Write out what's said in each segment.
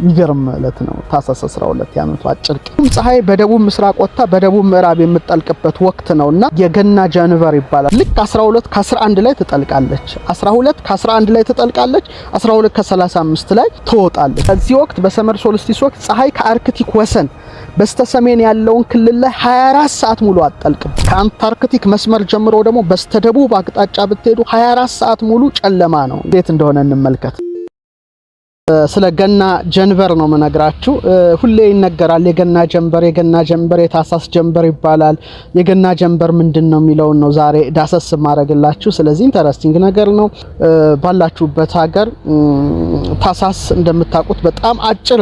የሚገርም እለት ነው ታህሳስ 12 የዓመቱ አጭር ቀን። ፀሐይ በደቡብ ምስራቅ ወጥታ በደቡብ ምዕራብ የምትጠልቅበት ወቅት ነውና የገና ጃንቨር ይባላል። ልክ 12 ከ11 ላይ ትጠልቃለች፣ 12 ከ11 ላይ ትጠልቃለች፣ 12 ከ35 ላይ ትወጣለች። በዚህ ወቅት በሰመር ሶልስቲስ ወቅት ፀሐይ ከአርክቲክ ወሰን በስተሰሜን ያለውን ክልል ላይ 24 ሰዓት ሙሉ አትጠልቅም። ከአንታርክቲክ መስመር ጀምሮ ደግሞ በስተደቡብ አቅጣጫ ብትሄዱ 24 ሰዓት ሙሉ ጨለማ ነው። እንዴት እንደሆነ እንመልከት። ስለ ገና ጀንበር ነው የምነግራችሁ። ሁሌ ይነገራል የገና ጀንበር፣ የገና ጀንበር፣ የታሳስ ጀንበር ይባላል። የገና ጀንበር ምንድን ነው የሚለውን ነው ዛሬ ዳሰስ ማድረግላችሁ። ስለዚህ ኢንተረስቲንግ ነገር ነው። ባላችሁበት ሀገር ታሳስ እንደምታውቁት በጣም አጭር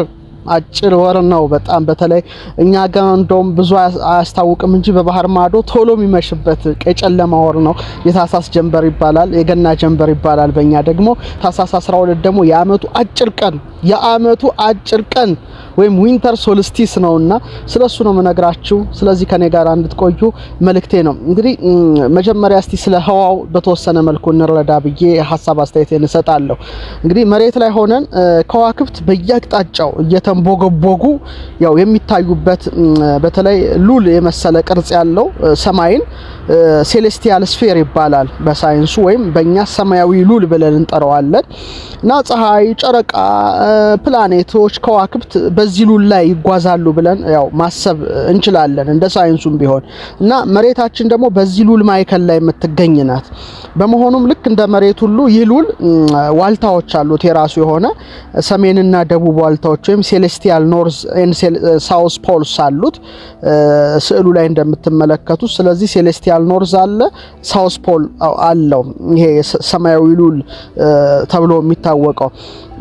አጭር ወር ነው በጣም በተለይ እኛ ጋር እንደውም ብዙ አያስታውቅም እንጂ በባህር ማዶ ቶሎ የሚመሽበት ጨለማ ወር ነው። የታሳስ ጀንበር ይባላል፣ የገና ጀንበር ይባላል። በእኛ ደግሞ ታሳስ 12 ደግሞ የአመቱ አጭር ቀን የአመቱ አጭር ቀን ወይም ዊንተር ሶልስቲስ ነውና ስለሱ ነው የምነግራችሁ። ስለዚህ ከኔ ጋር እንድትቆዩ መልክቴ ነው። እንግዲህ መጀመሪያ እስቲ ስለ ህዋው በተወሰነ መልኩ እንረዳ ብዬ ሀሳብ አስተያየት እንሰጣለሁ እንግዲህ መሬት ላይ ሆነን ከዋክብት በየአቅጣጫው እየተ ሲያንቦገቦጉ ያው የሚታዩበት በተለይ ሉል የመሰለ ቅርጽ ያለው ሰማይን ሴሌስቲያል ስፌር ይባላል በሳይንሱ ወይም በእኛ ሰማያዊ ሉል ብለን እንጠራዋለን። እና ፀሐይ፣ ጨረቃ፣ ፕላኔቶች፣ ከዋክብት በዚህ ሉል ላይ ይጓዛሉ ብለን ያው ማሰብ እንችላለን እንደ ሳይንሱም ቢሆን እና መሬታችን ደግሞ በዚህ ሉል ማዕከል ላይ የምትገኝ ናት። በመሆኑም ልክ እንደ መሬት ሁሉ ይህ ሉል ዋልታዎች አሉት የራሱ የሆነ ሰሜንና ደቡብ ዋልታዎች ወይም ሴሌስቲያል ኖርዝ ሳውስ ፖልስ አሉት ስዕሉ ላይ እንደምትመለከቱት። ስለዚህ ሴሌስቲያል ኖርዝ አለ፣ ሳውስ ፖል አለው። ይሄ ሰማያዊ ሉል ተብሎ የሚታወቀው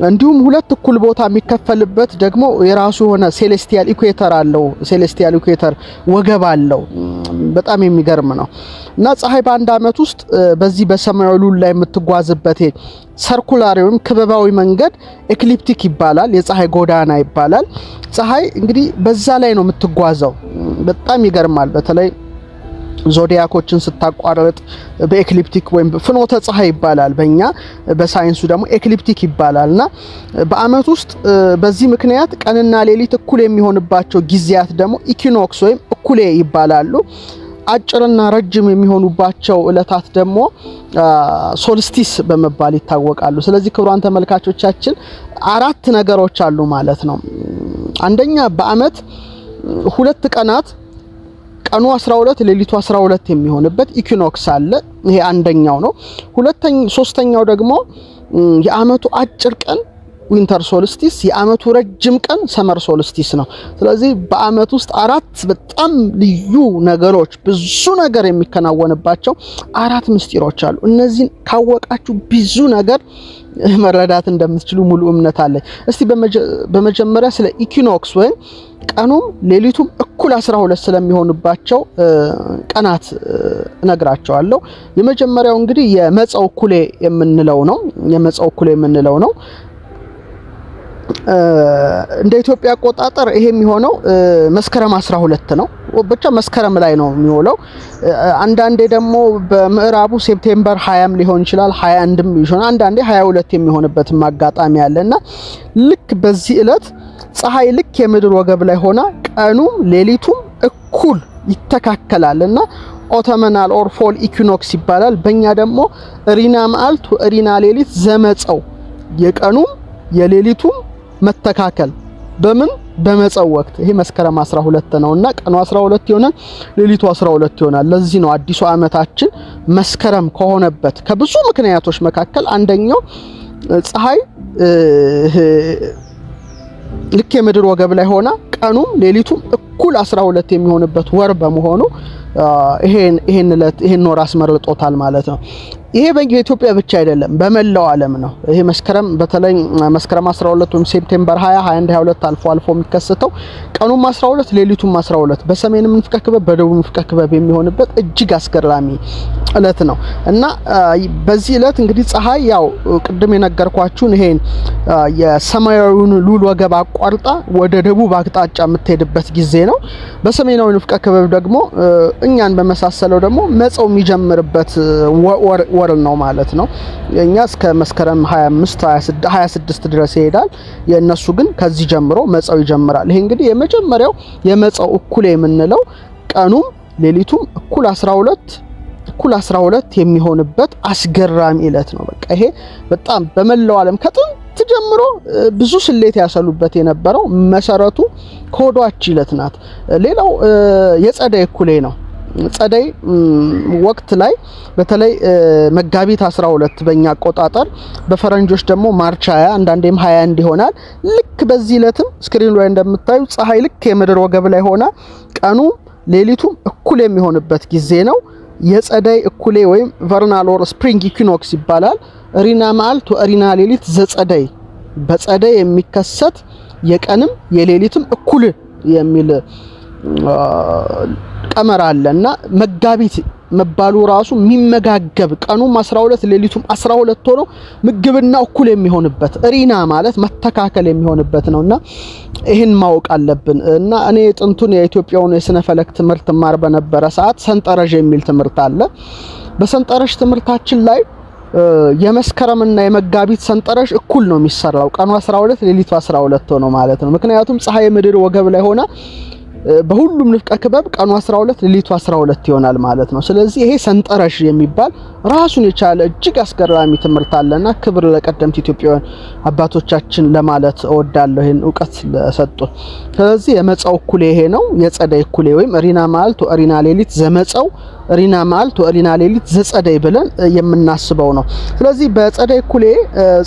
እንዲሁም ሁለት እኩል ቦታ የሚከፈልበት ደግሞ የራሱ የሆነ ሴሌስቲያል ኢኩዌተር አለው። ሴሌስቲያል ኢኩዌተር ወገብ አለው። በጣም የሚገርም ነው እና ፀሐይ በአንድ ዓመት ውስጥ በዚህ በሰማያዊ ሉል ላይ የምትጓዝበት ሰርኩላሪ ወይም ክበባዊ መንገድ ኤክሊፕቲክ ይባላል። የፀሐይ ጎዳና ይባላል። ፀሐይ እንግዲህ በዛ ላይ ነው የምትጓዘው። በጣም ይገርማል። በተለይ ዞዲያኮችን ስታቋረጥ በኤክሊፕቲክ ወይም ፍኖተ ፀሐይ ይባላል በእኛ በሳይንሱ ደግሞ ኤክሊፕቲክ ይባላል እና በአመት ውስጥ በዚህ ምክንያት ቀንና ሌሊት እኩል የሚሆንባቸው ጊዜያት ደግሞ ኢኪኖክስ ወይም እኩሌ ይባላሉ። አጭርና ረጅም የሚሆኑባቸው እለታት ደግሞ ሶልስቲስ በመባል ይታወቃሉ። ስለዚህ ክቡራን ተመልካቾቻችን አራት ነገሮች አሉ ማለት ነው። አንደኛ በአመት ሁለት ቀናት ቀኑ 12 ሌሊቱ 12 የሚሆንበት ኢኩኖክስ አለ። ይሄ አንደኛው ነው። ሁለተኛ ሶስተኛው ደግሞ የአመቱ አጭር ቀን ዊንተር ሶልስቲስ የአመቱ ረጅም ቀን ሰመር ሶልስቲስ ነው። ስለዚህ በአመት ውስጥ አራት በጣም ልዩ ነገሮች ብዙ ነገር የሚከናወንባቸው አራት ምስጢሮች አሉ። እነዚህን ካወቃችሁ ብዙ ነገር መረዳት እንደምትችሉ ሙሉ እምነት አለኝ። እስቲ በመጀመሪያ ስለ ኢኪኖክስ ወይም ቀኑም ሌሊቱም እኩል 12 ስለሚሆንባቸው ቀናት እነግራቸዋለሁ። የመጀመሪያው እንግዲህ የመጸው ኩሌ የምንለው ነው። የመጸው ኩሌ የምንለው ነው እንደ ኢትዮጵያ አቆጣጠር ይሄ የሚሆነው መስከረም 12 ነው። ብቻ መስከረም ላይ ነው የሚውለው። አንዳንዴ ደግሞ በምዕራቡ ሴፕቴምበር 20ም ሊሆን ይችላል 21ም ይሆናል። አንዳንዴ 22 የሚሆንበት አጋጣሚ አለና ልክ በዚህ እለት ፀሐይ ልክ የምድር ወገብ ላይ ሆና ቀኑም ሌሊቱም እኩል ይተካከላል እና ኦተመናል ኦር ፎል ኢኩኖክስ ይባላል። በእኛ ደግሞ ሪና መዓልት ወእሪና ሌሊት ዘመፀው የቀኑም የሌሊቱም መተካከል በምን በመጸው ወቅት ይሄ መስከረም 12 ነውና ቀኑ 12 ይሆናል፣ ሌሊቱ 12 ይሆናል። ለዚህ ነው አዲሱ ዓመታችን መስከረም ከሆነበት ከብዙ ምክንያቶች መካከል አንደኛው ፀሐይ ልክ የምድር ወገብ ላይ ሆና ቀኑም ሌሊቱም እኩል 12 የሚሆንበት ወር በመሆኑ ይሄን ዕለት ይሄን ወር አስመርጦታል ማለት ነው። ይሄ በኢትዮጵያ ብቻ አይደለም፣ በመላው ዓለም ነው። ይሄ መስከረም በተለይ መስከረም 12 ወይም ሴፕቴምበር 20 21 22 አልፎ አልፎ የሚከሰተው ቀኑም 12 ሌሊቱም 12 በሰሜን ንፍቀ ክበብ በደቡብ ንፍቀ ክበብ የሚሆንበት እጅግ አስገራሚ እለት ነው እና በዚህ እለት እንግዲህ ፀሐይ ያው ቅድም የነገርኳችሁን ይሄን የሰማያዊውን ሉል ወገብ አቋርጣ ወደ ደቡብ አቅጣ አቅጣጫ የምትሄድበት ጊዜ ነው። በሰሜናዊ ንፍቀ ክበብ ደግሞ እኛን በመሳሰለው ደግሞ መጸው የሚጀምርበት ወር ነው ማለት ነው። እኛ እስከ መስከረም 25 26 ድረስ ይሄዳል። የእነሱ ግን ከዚህ ጀምሮ መጸው ይጀምራል። ይሄ እንግዲህ የመጀመሪያው የመጸው እኩል የምንለው ቀኑም ሌሊቱም እኩል 12 እኩል 12 የሚሆንበት አስገራሚ እለት ነው። በቃ ይሄ በጣም በመላው ዓለም ከጥንት ጀምሮ ብዙ ስሌት ያሰሉበት የነበረው መሰረቱ ከሆዷች ይለት ናት። ሌላው የጸደይ እኩሌ ነው። ጸደይ ወቅት ላይ በተለይ መጋቢት 12 በእኛ አቆጣጠር በፈረንጆች ደግሞ ማርች 20 አንዳንዴም 21 ይሆናል። ልክ በዚህ ዕለትም ስክሪን ላይ እንደምታዩ ፀሐይ ልክ የምድር ወገብ ላይ ሆና ቀኑ ሌሊቱም እኩል የሚሆንበት ጊዜ ነው። የጸደይ እኩሌ ወይም ቨርናል ኦር ስፕሪንግ ኢኩኖክስ ይባላል። እሪና መዓልት ወእሪና ሌሊት ዘጸደይ በጸደይ የሚከሰት የቀንም የሌሊትም እኩል የሚል ቀመር አለ እና መጋቢት መባሉ ራሱ የሚመጋገብ ቀኑም 12 ሌሊቱም 12 ሆኖ ምግብና እኩል የሚሆንበት ሪና ማለት መተካከል የሚሆንበት ነውና ይህን ማወቅ አለብን። እና እኔ ጥንቱን የኢትዮጵያውን የስነ ፈለክ ትምህርት ማር በነበረ ሰዓት ሰንጠረዥ የሚል ትምህርት አለ። በሰንጠረዥ ትምህርታችን ላይ የመስከረምና የመጋቢት ሰንጠረዥ እኩል ነው የሚሰራው። ቀኑ 12 ሌሊቱ 12 ሆኖ ማለት ነው። ምክንያቱም ፀሐይ ምድር ወገብ ላይ ሆና። በሁሉም ንፍቀ ክበብ ቀኑ 12 ሌሊቱ 12 ይሆናል ማለት ነው። ስለዚህ ይሄ ሰንጠረዥ የሚባል ራሱን የቻለ እጅግ አስገራሚ ትምህርት አለና ክብር ለቀደምት ኢትዮጵያውያን አባቶቻችን ለማለት እወዳለሁ፣ ይህን እውቀት ለሰጡን። ስለዚህ የመጸው እኩሌ ይሄ ነው። የጸደይ እኩሌ ወይም ሪና ማልት ወሪና ሌሊት ዘመጸው ሪና መዓልት ወሪና ሌሊት ዘጸደይ ብለን የምናስበው ነው። ስለዚህ በጸደይ ኩሌ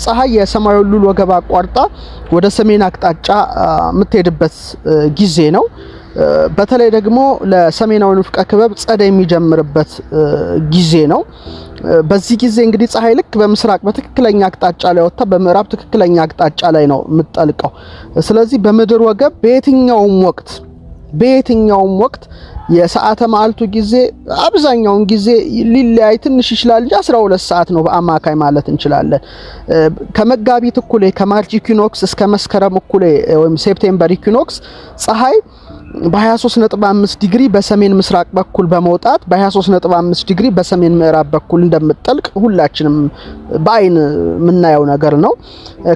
ፀሐይ የሰማዩ ሉል ወገብ አቋርጣ ወደ ሰሜን አቅጣጫ የምትሄድበት ጊዜ ነው። በተለይ ደግሞ ለሰሜናዊ ንፍቀ ክበብ ጸደይ የሚጀምርበት ጊዜ ነው። በዚህ ጊዜ እንግዲህ ፀሐይ ልክ በምስራቅ በትክክለኛ አቅጣጫ ላይ ወጥታ በምዕራብ ትክክለኛ አቅጣጫ ላይ ነው የምትጠልቀው። ስለዚህ በምድር ወገብ በየትኛውም ወቅት በየትኛውም ወቅት የሰዓተ ማዕልቱ ጊዜ አብዛኛውን ጊዜ ሊለያይ ትንሽ ይችላል እንጂ 12 ሰዓት ነው በአማካይ ማለት እንችላለን። ከመጋቢት እኩሌ ከማርች ኢኩኖክስ እስከ መስከረም እኩሌ ወይም ሴፕቴምበር ኢኩኖክስ ፀሐይ በ23.5 ዲግሪ በሰሜን ምስራቅ በኩል በመውጣት በ23.5 ዲግሪ በሰሜን ምዕራብ በኩል እንደምትጠልቅ ሁላችንም በአይን የምናየው ነገር ነው።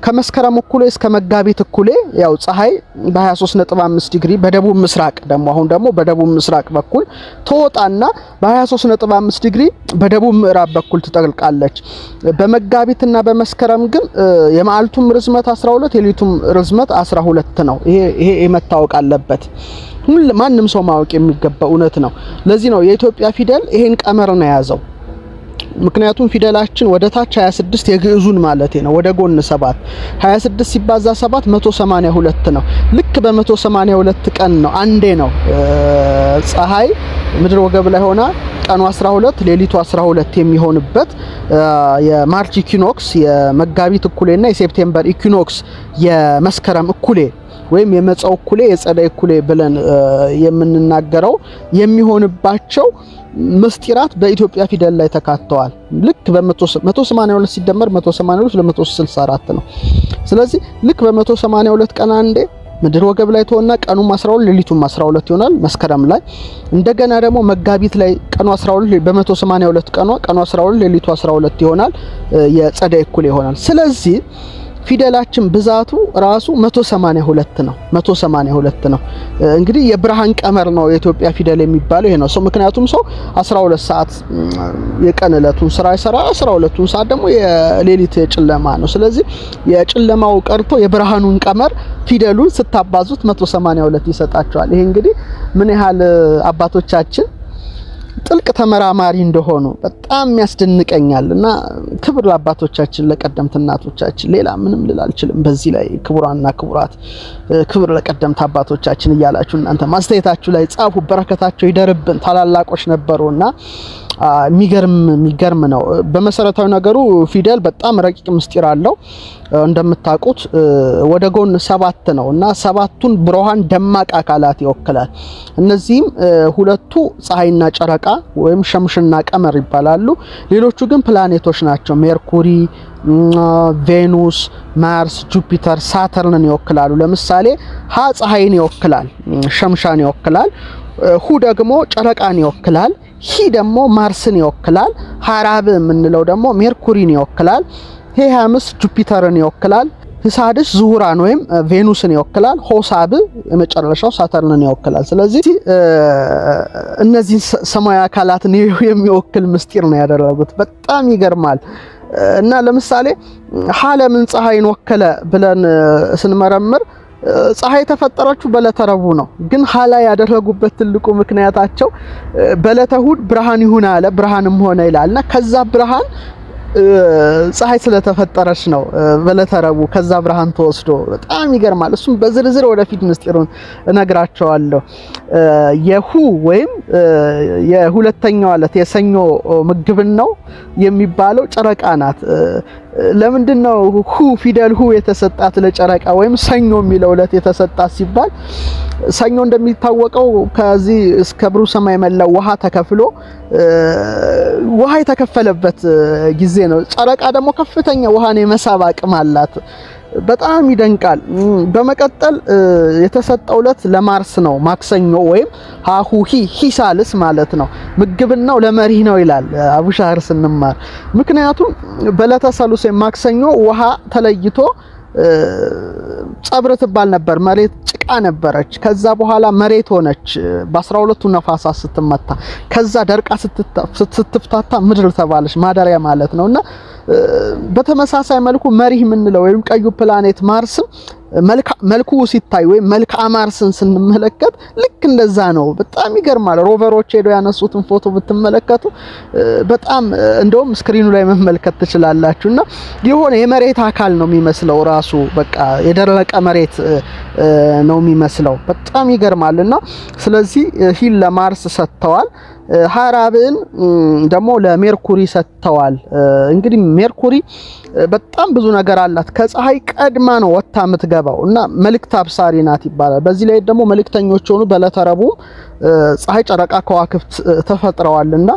ከመስከረም እኩሌ እስከ መጋቢት እኩሌ ያው ፀሐይ በ23.5 ዲግሪ በደቡብ ምስራቅ ደግሞ አሁን ደግሞ በደቡብ ምስራቅ በኩል ትወጣና በ23.5 ዲግሪ በደቡብ ምዕራብ በኩል ትጠልቃለች። በመጋቢትና በመስከረም ግን የመዓልቱም ርዝመት 12 የሌቱም ርዝመት 12 ነው። ይሄ ይሄ መታወቅ አለበት። ማንም ሰው ማወቅ የሚገባ እውነት ነው። ለዚህ ነው የኢትዮጵያ ፊደል ይሄን ቀመር ነው የያዘው። ምክንያቱም ፊደላችን ወደ ታች 26 የግዕዙን ማለት ነው፣ ወደ ጎን 7 26 ሲባዛ 7 182 ነው። ልክ በ182 ቀን ነው አንዴ ነው ፀሐይ ምድር ወገብ ላይ ሆና ቀኑ 12 ሌሊቱ 12 የሚሆንበት የማርች ኢኩኖክስ የመጋቢት እኩሌና የሴፕቴምበር ኢኩኖክስ የመስከረም እኩሌ ወይም የመጻው እኩሌ የጸዳይ እኩሌ ብለን የምንናገረው የሚሆንባቸው ምስጢራት በኢትዮጵያ ፊደል ላይ ተካተዋል። ልክ በ182 ሲደመር 182 ለ164 ነው። ስለዚህ ልክ በ182 ቀን አንዴ ምድር ወገብ ላይ ተሆና ቀኑም 12 ሌሊቱም 12 ይሆናል። መስከረም ላይ እንደገና ደግሞ መጋቢት ላይ ቀኑ 12 በ182 ቀኑ 12 ሌሊቱ 12 ይሆናል። የጸደይ እኩሌ ይሆናል። ስለዚህ ፊደላችን ብዛቱ ራሱ 182 ነው። 182 ነው እንግዲህ የብርሃን ቀመር ነው የኢትዮጵያ ፊደል የሚባለው ይሄ ነው። ሰው ምክንያቱም ሰው 12 ሰዓት የቀን እለቱን ስራ ይሰራ፣ ሰዓት ደግሞ የሌሊት የጨለማ ነው። ስለዚህ የጨለማው ቀርቶ የብርሃኑን ቀመር ፊደሉን ስታባዙት 182 ይሰጣቸዋል። ይሄ እንግዲህ ምን ያህል አባቶቻችን ጥልቅ ተመራማሪ እንደሆኑ በጣም ያስደንቀኛል እና ክብር ለአባቶቻችን ለቀደምት እናቶቻችን። ሌላ ምንም ልል አልችልም በዚህ ላይ ክቡራንና ክቡራት፣ ክብር ለቀደምት አባቶቻችን እያላችሁ እናንተ ማስተያየታችሁ ላይ ጻፉ። በረከታቸው ይደርብን። ታላላቆች ነበሩ እና የሚገርም የሚገርም ነው። በመሰረታዊ ነገሩ ፊደል በጣም ረቂቅ ምስጢር አለው። እንደምታውቁት ወደ ጎን ሰባት ነው እና ሰባቱን ብርሃን ደማቅ አካላት ይወክላል። እነዚህም ሁለቱ ፀሐይና ጨረቃ ወይም ሸምሽና ቀመር ይባላሉ። ሌሎቹ ግን ፕላኔቶች ናቸው። ሜርኩሪ፣ ቬኑስ፣ ማርስ፣ ጁፒተር፣ ሳተርንን ይወክላሉ። ለምሳሌ ሀ ፀሐይን ይወክላል፣ ሸምሻን ይወክላል። ሁ ደግሞ ጨረቃን ይወክላል። ሂ ደግሞ ማርስን ይወክላል። ሀራብ የምንለው ደግሞ ሜርኩሪን ይወክላል። ሄሃምስ ጁፒተርን ይወክላል። ህሳድስ ዙሁራን ወይም ቬኑስን ይወክላል። ሆሳብ የመጨረሻው ሳተርንን ይወክላል። ስለዚህ እነዚህን ሰማያዊ አካላትን የሚወክል ምስጢር ነው ያደረጉት። በጣም ይገርማል። እና ለምሳሌ ሀለምን ፀሐይን ወከለ ብለን ስንመረምር ፀሐይ የተፈጠረችው በዕለተ ረቡዕ ነው። ግን ሀላ ያደረጉበት ትልቁ ምክንያታቸው በዕለተ ብርሃን ይሁን አለ ብርሃንም ሆነ እና ከዛ ብርሃን ፀሐይ ስለተፈጠረች ነው በዕለተ ረቡዕ ከዛ ብርሃን ተወስዶ። በጣም ይገርማል። እሱም በዝርዝር ወደፊት ምስጢሩን እነግራቸዋለሁ። የሁ ወይም የሁለተኛው ዕለት የሰኞ ምግብን ነው የሚባለው ጨረቃ ናት። ለምንድን ነው ሁ ፊደል ሁ የተሰጣት ለጨረቃ ወይም ሰኞ የሚለው ዕለት የተሰጣት ሲባል ሰኞ እንደሚታወቀው ከዚህ እስከ ብሩህ ሰማይ መላው ውሃ ተከፍሎ ውሃ የተከፈለበት ጊዜ ነው። ጨረቃ ደግሞ ከፍተኛ ውሃን የመሳብ አቅም አላት። በጣም ይደንቃል። በመቀጠል የተሰጠው ዕለት ለማርስ ነው፣ ማክሰኞ ወይም ሃሁሂ ሂሳልስ ማለት ነው። ምግብናው ለመሪህ ነው ይላል አቡሻህር ስንማር። ምክንያቱም በዕለተ ሰሉስ ወይም ማክሰኞ ውሃ ተለይቶ ጸብር ትባል ነበር። መሬት ጭቃ ነበረች። ከዛ በኋላ መሬት ሆነች በአስራ ሁለቱ ነፋሳት ስትመታ። ከዛ ደርቃ ስትፍታታ ምድር ተባለች፣ ማደሪያ ማለት ነው እና በተመሳሳይ መልኩ መሪህ የምንለው ወይም ቀዩ ፕላኔት ማርስም መልኩ ሲታይ ወይም መልክዓ ማርስን ስንመለከት ልክ እንደዛ ነው። በጣም ይገርማል። ሮቨሮች ሄደው ያነሱትን ፎቶ ብትመለከቱ በጣም እንደውም ስክሪኑ ላይ መመልከት ትችላላችሁ። እና የሆነ የመሬት አካል ነው የሚመስለው ራሱ በቃ የደረቀ መሬት ነው የሚመስለው። በጣም ይገርማል። እና ስለዚህ ሂል ለማርስ ሰጥተዋል። ሀራብን ደግሞ ለሜርኩሪ ሰጥተዋል። እንግዲህ ሜርኩሪ በጣም ብዙ ነገር አላት። ከፀሐይ ቀድማ ነው ወታ የምትገባ የምትገባው እና መልእክት አብሳሪ ናት ይባላል። በዚህ ላይ ደግሞ መልእክተኞች የሆኑ በለተረቡ ፀሐይ፣ ጨረቃ፣ ከዋክብት ተፈጥረዋል እና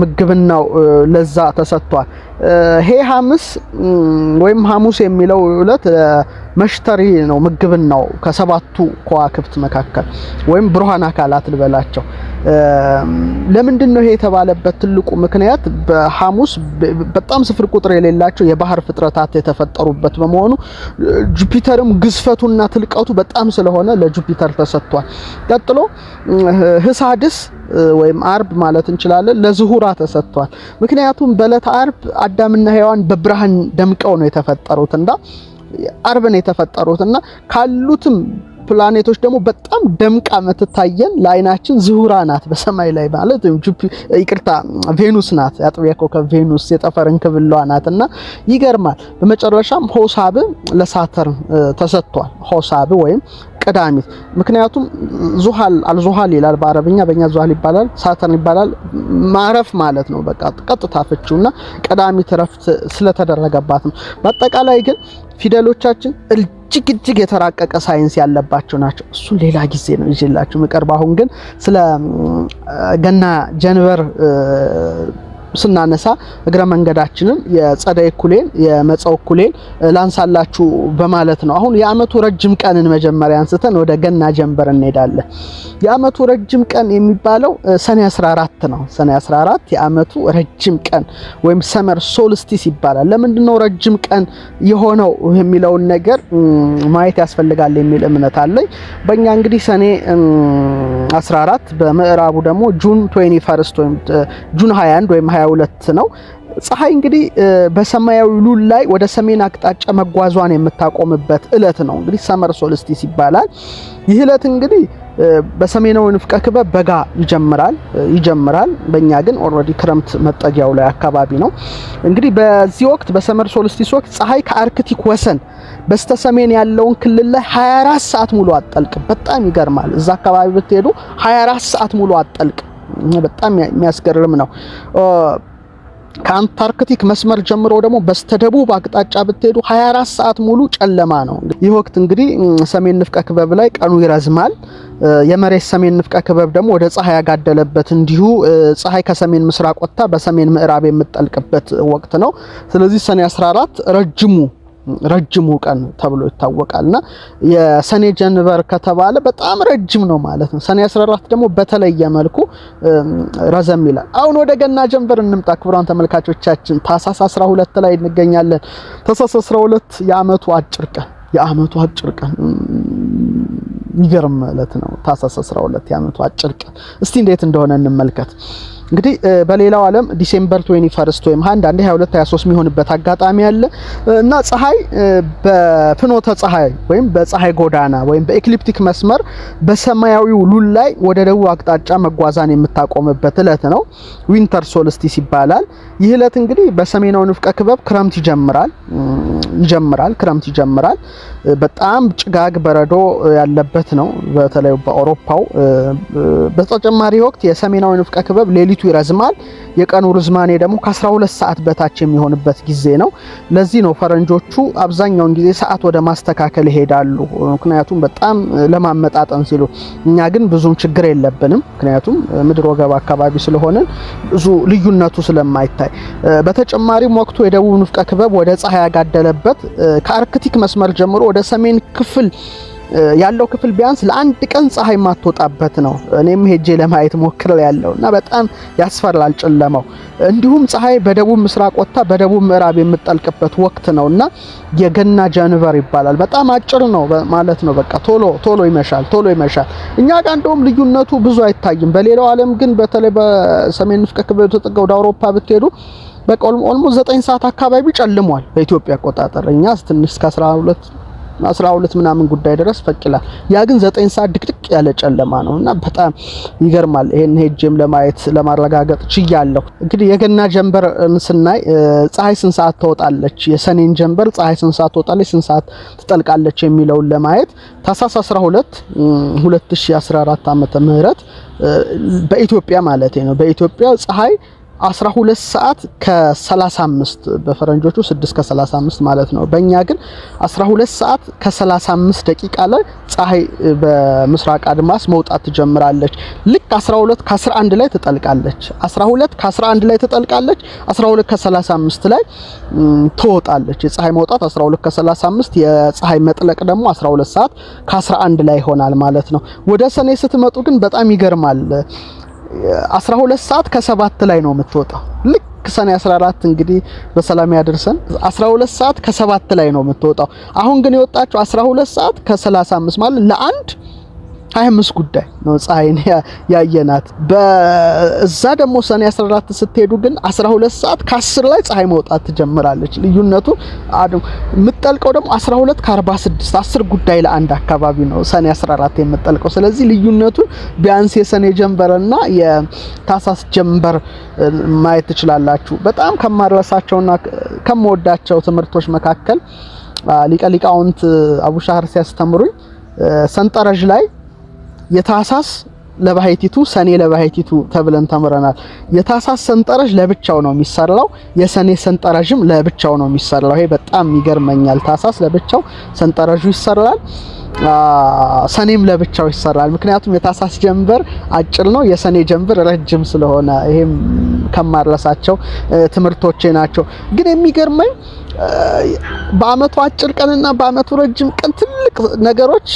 ምግብናው ለዛ ተሰጥቷል። ሄ ሐምስ ወይም ሐሙስ የሚለው ዕለት መሽተሪ ነው፣ ምግብን ነው ከሰባቱ ከዋክብት መካከል ወይም ብሩሃን አካላት ልበላቸው። ለምንድን ነው ይሄ የተባለበት ትልቁ ምክንያት በሐሙስ በጣም ስፍር ቁጥር የሌላቸው የባህር ፍጥረታት የተፈጠሩበት በመሆኑ ጁፒተርም ግዝፈቱና ትልቀቱ በጣም ስለሆነ ለጁፒተር ተሰጥቷል። ቀጥሎ ህሳድስ ወይም አርብ ማለት እንችላለን ለዝሁራ ተሰጥቷል። ምክንያቱም በዕለተ አርብ አዳምና ሔዋን በብርሃን ደምቀው ነው የተፈጠሩት እንዳ አርብ ነው የተፈጠሩት እና ካሉትም ፕላኔቶች ደግሞ በጣም ደምቃ የምትታየን ለአይናችን ዝሁራ ናት በሰማይ ላይ ማለት ይቅርታ ቬኑስ ናት። የአጥቢያ ኮከብ ቬኑስ የጠፈር እንክብሏ ናት እና ይገርማል። በመጨረሻም ሆሳብ ለሳተርን ተሰጥቷል። ሆሳብ ወይም ቀዳሚት። ምክንያቱም ዙሃል አልዙሃል ይላል በአረብኛ፣ በእኛ ዙሃል ይባላል፣ ሳተን ይባላል። ማረፍ ማለት ነው። በቃ ቀጥታ ፍቺውና ቀዳሚት እረፍት ስለተደረገባት ነው። በአጠቃላይ ግን ፊደሎቻችን እጅግ እጅግ የተራቀቀ ሳይንስ ያለባቸው ናቸው። እሱን ሌላ ጊዜ ነው ይዤላችሁ የምቀርብ። አሁን ግን ስለ ገና ጀንበር ስናነሳ እግረ መንገዳችንን የጸደይ እኩሌን የመጸው እኩሌን ላንሳላችሁ በማለት ነው። አሁን የአመቱ ረጅም ቀንን መጀመሪያ አንስተን ወደ ገና ጀንበር እንሄዳለን። የአመቱ ረጅም ቀን የሚባለው ሰኔ 14 ነው። ሰኔ 14 የአመቱ ረጅም ቀን ወይም ሰመር ሶልስቲስ ይባላል። ለምንድን ነው ረጅም ቀን የሆነው የሚለውን ነገር ማየት ያስፈልጋል የሚል እምነት አለኝ። በእኛ እንግዲህ ሰኔ 14 በምዕራቡ ደግሞ ጁን 21 ወይም ጁን 21 ወይም 22 ነው። ፀሐይ እንግዲህ በሰማያዊ ሉል ላይ ወደ ሰሜን አቅጣጫ መጓዟን የምታቆምበት እለት ነው። እንግዲህ ሰመር ሶልስቲስ ይባላል። ይህ እለት እንግዲህ በሰሜናዊ ንፍቀ ክበብ በጋ ይጀምራል ይጀምራል። በእኛ ግን ኦልሬዲ ክረምት መጠጊያው ላይ አካባቢ ነው። እንግዲህ በዚህ ወቅት በሰመር ሶልስቲስ ወቅት ፀሐይ ከአርክቲክ ወሰን በስተ ሰሜን ያለውን ክልል ላይ 24 ሰዓት ሙሉ አጠልቅ በጣም ይገርማል። እዛ አካባቢ ብትሄዱ 24 ሰዓት ሙሉ አጠልቅ። በጣም የሚያስገርም ነው። ከአንታርክቲክ መስመር ጀምሮ ደግሞ በስተደቡብ አቅጣጫ ብትሄዱ 24 ሰዓት ሙሉ ጨለማ ነው። ይህ ወቅት እንግዲህ ሰሜን ንፍቀ ክበብ ላይ ቀኑ ይረዝማል። የመሬት ሰሜን ንፍቀ ክበብ ደግሞ ወደ ፀሐይ ያጋደለበት እንዲሁ ፀሐይ ከሰሜን ምስራቅ ወጥታ በሰሜን ምዕራብ የምትጠልቅበት ወቅት ነው። ስለዚህ ሰኔ 14 ረጅሙ ረጅሙ ቀን ተብሎ ይታወቃልና የሰኔ ጀንበር ከተባለ በጣም ረጅም ነው ማለት ነው። ሰኔ 14 ደግሞ በተለየ መልኩ ረዘም ይላል። አሁን ወደ ገና ጀንበር እንምጣ። ክቡራን ተመልካቾቻችን ታህሳስ 12 ላይ እንገኛለን። ታህሳስ 12 የአመቱ አጭር ቀን የአመቱ አጭር ቀን ይገርም ማለት ነው። ታህሳስ 12 የአመቱ አጭር ቀን እስቲ እንዴት እንደሆነ እንመልከት። እንግዲህ በሌላው ዓለም ዲሴምበር 21 ወይም አንድ 22 23 የሚሆንበት አጋጣሚ አለ እና ፀሐይ በፍኖተ ፀሐይ ወይም በፀሐይ ጎዳና ወይም በኤክሊፕቲክ መስመር በሰማያዊው ሉል ላይ ወደ ደቡብ አቅጣጫ መጓዛን የምታቆምበት እለት ነው። ዊንተር ሶልስቲስ ይባላል። ይህ እለት እንግዲህ በሰሜናዊ ንፍቀ ክበብ ክረምት ይጀምራል ይጀምራል ክረምት ይጀምራል በጣም ጭጋግ በረዶ ያለበት ነው፣ በተለይ በአውሮፓው። በተጨማሪ ወቅት የሰሜናዊ ንፍቀ ክበብ ሌሊቱ ይረዝማል፣ የቀኑ ርዝማኔ ደግሞ ከ12 ሰዓት በታች የሚሆንበት ጊዜ ነው። ለዚህ ነው ፈረንጆቹ አብዛኛውን ጊዜ ሰዓት ወደ ማስተካከል ይሄዳሉ፣ ምክንያቱም በጣም ለማመጣጠን ሲሉ። እኛ ግን ብዙም ችግር የለብንም፣ ምክንያቱም ምድር ወገብ አካባቢ ስለሆንን ብዙ ልዩነቱ ስለማይታይ። በተጨማሪም ወቅቱ የደቡብ ንፍቀ ክበብ ወደ ፀሐይ ያጋደለበት ከአርክቲክ መስመር ጀምሮ ወደ ሰሜን ክፍል ያለው ክፍል ቢያንስ ለአንድ ቀን ፀሐይ ማትወጣበት ነው። እኔም ሄጄ ለማየት ሞክረል ያለው እና በጣም ያስፈራል ጨለማው። እንዲሁም ፀሐይ በደቡብ ምስራቅ ወጥታ በደቡብ ምዕራብ የምጠልቅበት ወቅት ነው እና የገና ጃንቨር ይባላል። በጣም አጭር ነው ማለት ነው። በቃ ቶሎ ቶሎ ይመሻል፣ ቶሎ ይመሻል። እኛ ጋር እንደውም ልዩነቱ ብዙ አይታይም። በሌላው ዓለም ግን በተለይ በሰሜን ንፍቀ ክበብ ተጠጋ ወደ አውሮፓ ብትሄዱ በቃ ኦልሞ 9 ሰዓት አካባቢ ጨልሟል በኢትዮጵያ አቆጣጠር። እኛ ትንሽ እስከ 12 አስራ ሁለት ምናምን ጉዳይ ድረስ ፈቅ ያ ግን ዘጠኝ ሰዓት ድቅድቅ ያለ ጨለማ ነው እና በጣም ይገርማል። ይሄን ሄጄም ለማየት ለማረጋገጥ ችያለሁ። እንግዲህ የገና ጀንበርን ስናይ ፀሐይ ስንት ሰዓት ትወጣለች፣ የሰኔን ጀንበር ፀሐይ ስንት ሰዓት ትወጣለች፣ ስንት ሰዓት ትጠልቃለች የሚለውን ለማየት ታህሳስ 12 2014 ዓመተ ምህረት በኢትዮጵያ ማለት ነው በኢትዮጵያ ፀሐይ 12 ሰዓት ከ35 በፈረንጆቹ 6 ከ35 ማለት ነው። በእኛ ግን 12 ሰዓት ከ35 ደቂቃ ላይ ፀሐይ በምስራቅ አድማስ መውጣት ትጀምራለች። ልክ 12 ከ11 ላይ ትጠልቃለች። 12 ከ11 ላይ ትጠልቃለች። 12 ከ35 ላይ ትወጣለች። የፀሐይ መውጣት 12 ከ35፣ የፀሐይ መጥለቅ ደግሞ 12 ሰዓት ከ11 ላይ ይሆናል ማለት ነው። ወደ ሰኔ ስትመጡ ግን በጣም ይገርማል። 12 ሰዓት ከሰባት ላይ ነው የምትወጣው። ልክ ሰኔ 14 እንግዲህ በሰላም ያደርሰን። 12 ሰዓት ከሰባት ላይ ነው የምትወጣው። አሁን ግን የወጣችው 12 ሰዓት ከ35 ማለት ለአንድ ሀያ አምስት ጉዳይ ነው ፀሐይን ያየናት። በዛ ደግሞ ሰኔ 14 ስትሄዱ ግን 12 ሰዓት ከ10 ላይ ፀሐይ መውጣት ትጀምራለች። ልዩነቱ የምትጠልቀው ደግሞ 12 ከ46 10 ጉዳይ ለአንድ አካባቢ ነው ሰኔ 14 የምትጠልቀው። ስለዚህ ልዩነቱ ቢያንስ የሰኔ ጀንበርና የታሳስ ጀንበር ማየት ትችላላችሁ። በጣም ከማድረሳቸውና ከምወዳቸው ትምህርቶች መካከል ሊቀ ሊቃውንት አቡሻህር ሲያስተምሩኝ ሰንጠረዥ ላይ የታሳስ ለባህይቲቱ ሰኔ ለባህይቲቱ ተብለን ተምረናል። የታሳስ ሰንጠረዥ ለብቻው ነው የሚሰራው፣ የሰኔ ሰንጠረዥም ለብቻው ነው የሚሰራው። ይሄ በጣም ይገርመኛል። ታሳስ ለብቻው ሰንጠረዡ ይሰራል፣ ሰኔም ለብቻው ይሰራል። ምክንያቱም የታሳስ ጀንበር አጭር ነው፣ የሰኔ ጀንበር ረጅም ስለሆነ ይሄም ከማረሳቸው ትምህርቶቼ ናቸው። ግን የሚገርመኝ በአመቱ አጭር ቀንና በአመቱ ረጅም ቀን ትልቅ ነገሮች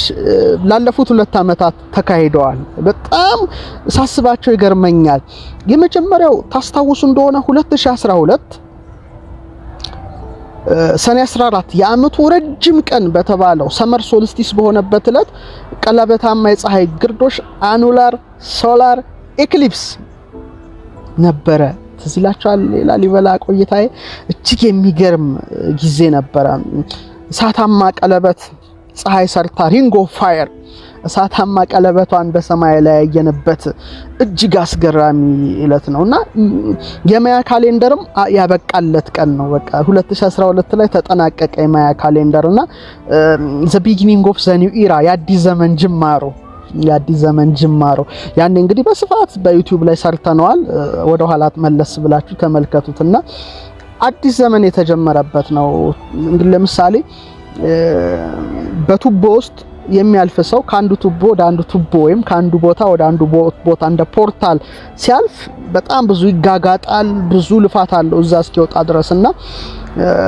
ላለፉት ሁለት አመታት ተካሂደዋል። በጣም ሳስባቸው ይገርመኛል። የመጀመሪያው ታስታውሱ እንደሆነ 2012 ሰኔ 14 የአመቱ ረጅም ቀን በተባለው ሰመር ሶልስቲስ በሆነበት እለት ቀለበታማ የፀሐይ ግርዶሽ አኑላር ሶላር ኤክሊፕስ ነበረ። ትዝ ይላችኋል። ላሊበላ ቆይታዬ እጅግ የሚገርም ጊዜ ነበረ። እሳታማ ቀለበት ፀሐይ ሰርታ ሪንግ ኦፍ ፋየር እሳታማ ቀለበቷን በሰማይ ላይ ያየንበት እጅግ አስገራሚ እለት ነው እና የማያ ካሌንደርም ያበቃለት ቀን ነው። በቃ 2012 ላይ ተጠናቀቀ የማያ ካሌንደር እና ዘ ቢግኒንግ ኦፍ ዘ ኒው ኢራ የአዲስ ዘመን ጅማሮ የአዲስ ዘመን ጅማሮ ያኔ እንግዲህ በስፋት በዩቲዩብ ላይ ሰርተነዋል። ወደ ኋላ መለስ ብላችሁ ተመልከቱትና አዲስ ዘመን የተጀመረበት ነው። ለምሳሌ በቱቦ ውስጥ የሚያልፍ ሰው ከአንዱ ቱቦ ወደ አንዱ ቱቦ ወይም ከአንዱ ቦታ ወደ አንዱ ቦታ እንደ ፖርታል ሲያልፍ በጣም ብዙ ይጋጋጣል፣ ብዙ ልፋት አለው እዛ እስኪወጣ ድረስ እና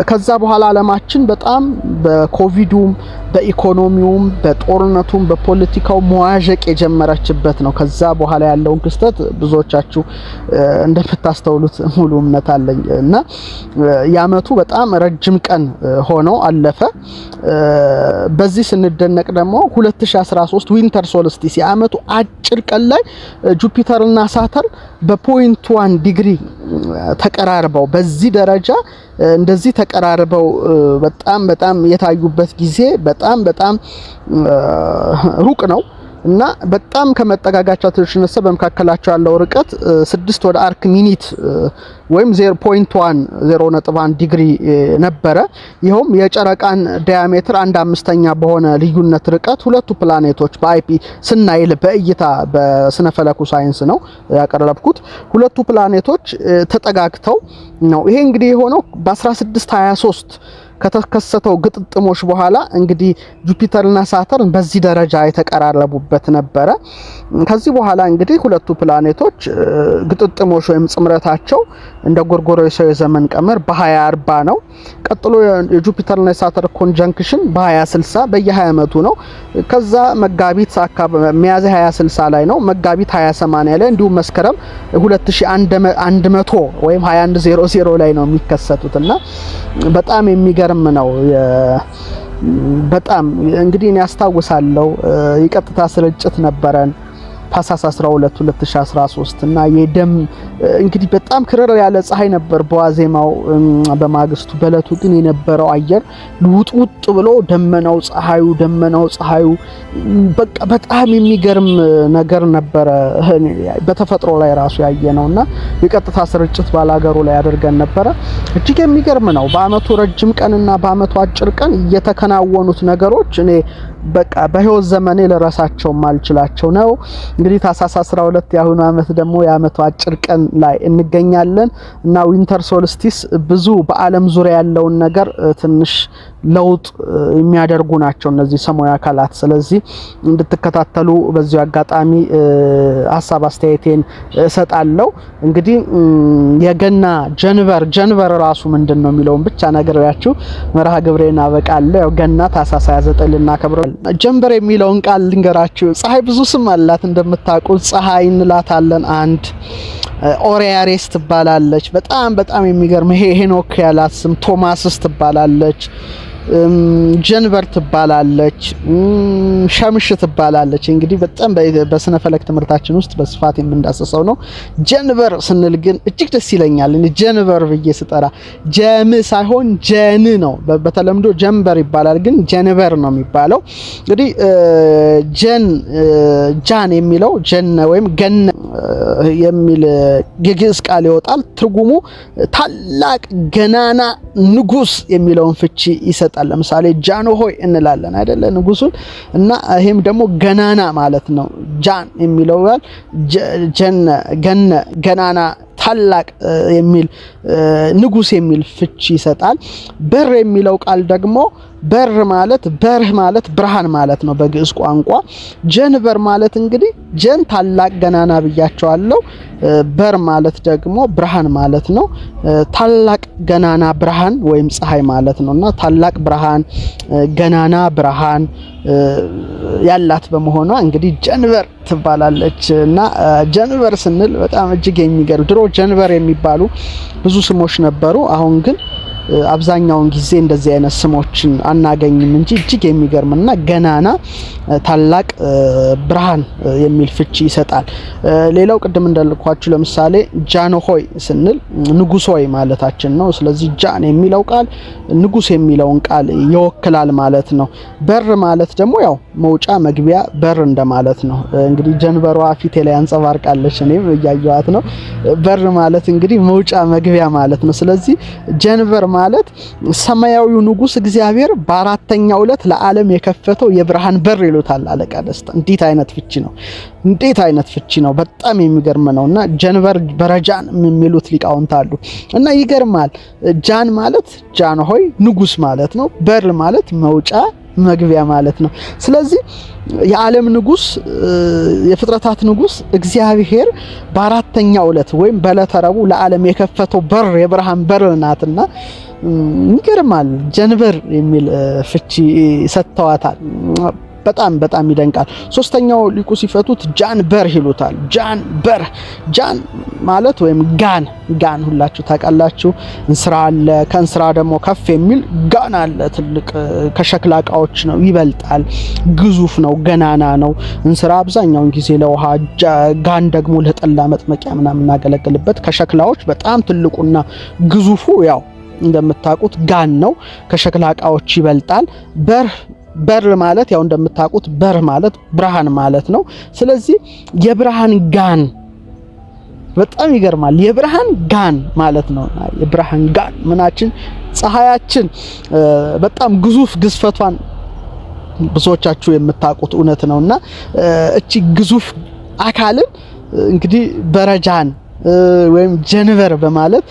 ከዛ በኋላ አለማችን በጣም በኮቪዱም በኢኮኖሚውም በጦርነቱም በፖለቲካው መዋዠቅ የጀመረችበት ነው። ከዛ በኋላ ያለውን ክስተት ብዙዎቻችሁ እንደምታስተውሉት ሙሉ እምነት አለኝ እና የአመቱ በጣም ረጅም ቀን ሆኖ አለፈ። በዚህ ስንደነቅ ደግሞ 2013 ዊንተር ሶልስቲስ የአመቱ አጭር ቀን ላይ ጁፒተርና ሳተር በፖይንት ዋን ዲግሪ ተቀራርበው በዚህ ደረጃ እንደዚህ ተቀራርበው በጣም በጣም የታዩበት ጊዜ በጣም በጣም ሩቅ ነው። እና በጣም ከመጠጋጋቸው የተነሳ በመካከላቸው ያለው ርቀት 6 ወደ አርክ ሚኒት ወይም 0.1 0.1 ዲግሪ ነበረ። ይኸውም የጨረቃን ዲያሜትር አንድ አምስተኛ በሆነ ልዩነት ርቀት ሁለቱ ፕላኔቶች በአይፒ ስናይል በእይታ በስነፈለኩ ሳይንስ ነው ያቀረብኩት። ሁለቱ ፕላኔቶች ተጠጋግተው ነው። ይሄ እንግዲህ የሆነው በ1623 ከተከሰተው ግጥጥሞች በኋላ እንግዲህ ጁፒተርና ሳተርን በዚህ ደረጃ የተቀራረቡበት ነበረ። ከዚህ በኋላ እንግዲህ ሁለቱ ፕላኔቶች ግጥጥሞች ወይም ጽምረታቸው እንደ ጎርጎሮሳዊ የዘመን ቀመር በ2040 ነው። ቀጥሎ የጁፒተርና የሳተር ኮንጀንክሽን በ2060 በየ20 ዓመቱ ነው። ከዛ መጋቢት ሚያዝያ 2060 ላይ ነው። መጋቢት 2080 ላይ እንዲሁም መስከረም 2100 ወይም 2100 ላይ ነው የሚከሰቱት እና በጣም የሚገ የሚገርም ነው። በጣም እንግዲህ እኔ ያስታውሳለሁ የቀጥታ ስርጭት ነበረን። ታህሳስ 12 2013 እና የደም እንግዲህ በጣም ክረር ያለ ፀሐይ ነበር በዋዜማው በማግስቱ። በለቱ ግን የነበረው አየር ውጥውጥ ብሎ ደመናው ፀሐዩ ደመናው ፀሐዩ በቃ በጣም የሚገርም ነገር ነበረ በተፈጥሮ ላይ ራሱ ያየ ነው እና የቀጥታ ስርጭት ባላገሩ ላይ አድርገን ነበረ። እጅግ የሚገርም ነው። በአመቱ ረጅም ቀንና በአመቱ አጭር ቀን የተከናወኑት ነገሮች እኔ በቃ በህይወት ዘመኔ ልረሳቸው ማልችላቸው ነው። እንግዲህ ታህሳስ 12 የአሁኑ አመት ደግሞ የአመቱ አጭር ቀን ላይ እንገኛለን እና ዊንተር ሶልስቲስ ብዙ በአለም ዙሪያ ያለውን ነገር ትንሽ ለውጥ የሚያደርጉ ናቸው እነዚህ ሰማያዊ አካላት። ስለዚህ እንድትከታተሉ በዚሁ አጋጣሚ ሀሳብ አስተያየቴን እሰጣለሁ። እንግዲህ የገና ጀንበር ጀንበር ራሱ ምንድን ነው የሚለውን ብቻ ነግሬያችሁ መርሃ ግብሬን አበቃለሁ። ያው ገና ታህሳስ 29 ልናከብረው ጀንበር የሚለውን ቃል ልንገራችሁ። ፀሐይ ብዙ ስም አላት እንደምታውቁት፣ ፀሐይ እንላታለን አንድ ኦሪያሬስ ትባላለች። በጣም በጣም የሚገርም ሄኖክ ያላት ስም ቶማስስ ትባላለች። ጀንበር ትባላለች፣ ሸምሽ ትባላለች። እንግዲህ በጣም በስነ ፈለክ ትምህርታችን ውስጥ በስፋት የምንዳሰሰው ነው። ጀንበር ስንል ግን እጅግ ደስ ይለኛል። ጀንበር ብዬ ስጠራ ጀም ሳይሆን ጀን ነው። በተለምዶ ጀንበር ይባላል፣ ግን ጀንበር ነው የሚባለው። እንግዲህ ጀን ጃን የሚለው ጀነ ወይም ገነ የሚል የግዕዝ ቃል ይወጣል። ትርጉሙ ታላቅ ገናና ንጉስ የሚለውን ፍቺ ይሰጣል። ይገልጣል። ለምሳሌ ጃን ሆይ እንላለን አይደለ? ንጉሱን እና ይሄም ደግሞ ገናና ማለት ነው። ጃን የሚለው ቃል ጀነ፣ ገነ፣ ገናና ታላቅ የሚል ንጉስ የሚል ፍቺ ይሰጣል። በር የሚለው ቃል ደግሞ በር ማለት በርህ ማለት ብርሃን ማለት ነው በግዕዝ ቋንቋ። ጀንበር ማለት እንግዲህ ጀን ታላቅ ገናና ብያቸዋለሁ። በር ማለት ደግሞ ብርሃን ማለት ነው። ታላቅ ገናና ብርሃን ወይም ፀሐይ ማለት ነው እና ታላቅ ብርሃን፣ ገናና ብርሃን ያላት በመሆኗ እንግዲህ ጀንበር ትባላለች እና ጀንበር ስንል በጣም እጅግ የሚገርም ድሮ ጀንበር የሚባሉ ብዙ ስሞች ነበሩ። አሁን ግን አብዛኛውን ጊዜ እንደዚህ አይነት ስሞችን አናገኝም እንጂ እጅግ የሚገርምና ገናና ታላቅ ብርሃን የሚል ፍቺ ይሰጣል። ሌላው ቅድም እንዳልኳችሁ ለምሳሌ ጃንሆይ ስንል ንጉስ ሆይ ማለታችን ነው። ስለዚህ ጃን የሚለው ቃል ንጉስ የሚለውን ቃል ይወክላል ማለት ነው። በር ማለት ደግሞ ያው መውጫ መግቢያ በር እንደማለት ነው። እንግዲህ ጀንበሯ ፊቴ ላይ አንጸባርቃለች፣ እኔም እያየዋት ነው። በር ማለት እንግዲህ መውጫ መግቢያ ማለት ነው። ስለዚህ ጀንበር ማለት ሰማያዊው ንጉስ እግዚአብሔር በአራተኛው ዕለት ለዓለም የከፈተው የብርሃን በር ይሉታል አለቃ ደስታ። እንዴት አይነት ፍቺ ነው! እንዴት አይነት ፍቺ ነው! በጣም የሚገርም ነው እና ጀንበር በረጃን የሚሉት ሊቃውንት አሉ እና ይገርማል። ጃን ማለት ጃን ሆይ ንጉስ ማለት ነው። በር ማለት መውጫ መግቢያ ማለት ነው። ስለዚህ የዓለም ንጉስ የፍጥረታት ንጉስ እግዚአብሔር በአራተኛው ዕለት ወይም በዕለተ ረቡዕ ለዓለም የከፈተው በር የብርሃን በር ናትና ይገርማል። ጀንበር የሚል ፍቺ ሰጥተዋታል። በጣም በጣም ይደንቃል። ሶስተኛው ሊቁ ሲፈቱት ጃን በር ይሉታል። ጃን በር ጃን ማለት ወይም ጋን ጋን ሁላችሁ ታውቃላችሁ። እንስራ አለ። ከእንስራ ደግሞ ከፍ የሚል ጋን አለ። ትልቅ ከሸክላ እቃዎች ነው፣ ይበልጣል፣ ግዙፍ ነው፣ ገናና ነው። እንስራ አብዛኛውን ጊዜ ለውሃ፣ ጋን ደግሞ ለጠላ መጥመቂያ ምናምን የምናገለግልበት ከሸክላዎች በጣም ትልቁና ግዙፉ ያው እንደምታውቁት ጋን ነው። ከሸክላ እቃዎች ይበልጣል። በር በር ማለት ያው እንደምታውቁት በር ማለት ብርሃን ማለት ነው። ስለዚህ የብርሃን ጋን በጣም ይገርማል። የብርሃን ጋን ማለት ነው። የብርሃን ጋን ምናችን ፀሐያችን በጣም ግዙፍ ግዝፈቷን ብዙዎቻችሁ የምታውቁት እውነት ነውና እቺ ግዙፍ አካልን እንግዲህ በረጃን ወይም ጀንቨር በማለት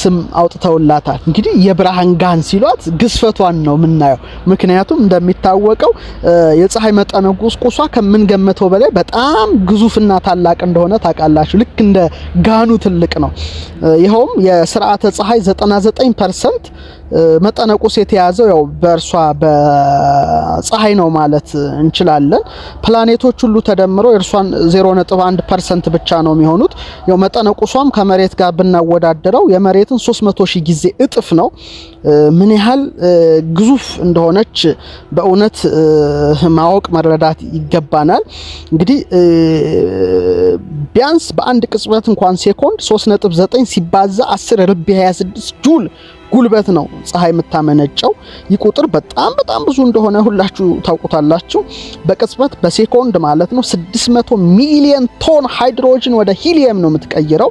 ስም አውጥተውላታል። እንግዲህ የብርሃን ጋን ሲሏት ግዝፈቷን ነው የምናየው። ምክንያቱም እንደሚታወቀው የፀሐይ መጠነ ቁስቁሷ ከምንገምተው በላይ በጣም ግዙፍና ታላቅ እንደሆነ ታውቃላችሁ። ልክ እንደ ጋኑ ትልቅ ነው። ይኸውም የስርዓተ ፀሐይ 99 ፐርሰንት መጠነቁስ የተያዘው ያው በእርሷ በፀሐይ ነው ማለት እንችላለን። ፕላኔቶች ሁሉ ተደምረው የእርሷን 0.1 ፐርሰንት ብቻ ነው የሚሆኑት። ያው መጠነቁሷም ከመሬት ጋር ብናወዳደረው የመሬትን 300 ሺህ ጊዜ እጥፍ ነው። ምን ያህል ግዙፍ እንደሆነች በእውነት ማወቅ መረዳት ይገባናል። እንግዲህ ቢያንስ በአንድ ቅጽበት እንኳን ሴኮንድ 3.9 ሲባዛ 10 ርቢ 26 ጁል ጉልበት ነው ፀሐይ የምታመነጨው። ይህ ቁጥር በጣም በጣም ብዙ እንደሆነ ሁላችሁ ታውቁታላችሁ። በቅጽበት በሴኮንድ ማለት ነው 600 ሚሊየን ቶን ሃይድሮጅን ወደ ሂሊየም ነው የምትቀይረው።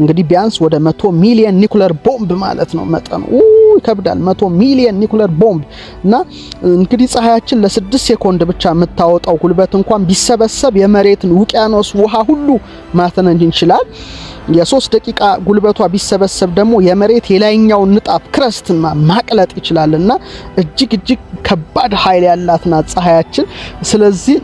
እንግዲህ ቢያንስ ወደ 100 ሚሊየን ኒኩለር ቦምብ ማለት ነው መጠኑ ይከብዳል። 100 ሚሊየን ኒኩለር ቦምብ እና እንግዲህ ፀሐያችን ለስድስት ሴኮንድ ብቻ የምታወጣው ጉልበት እንኳን ቢሰበሰብ የመሬትን ውቅያኖስ ውሃ ሁሉ ማተነን ይችላል። የሶስት ደቂቃ ጉልበቷ ቢሰበሰብ ደግሞ የመሬት የላይኛውን ንጣፍ ክረስት ማቅለጥ እና እጅግ እጅግ ከባድ ኃይል ያላት ናት ፀሐያችን። ስለዚህ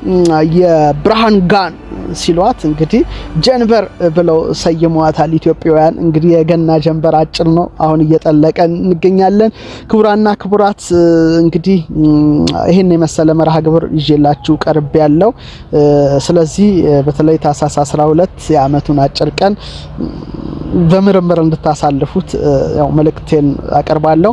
የብርሃን ጋን ሲሏት እንግዲህ ጀንበር ብለው ሰይመዋታል ኢትዮጵያውያን። እንግዲህ የገና ጀንበር አጭር ነው። አሁን እየጠለቀ እንገኛለን። ክቡራና ክቡራት እንግዲህ ይህን የመሰለ መርሃ ግብር ይዤላችሁ ቀርብ ያለው ስለዚህ በተለይ ታህሳስ 12 የአመቱን አጭር ቀን በምርምር እንድታሳልፉት ያው መልእክቴን አቀርባለሁ።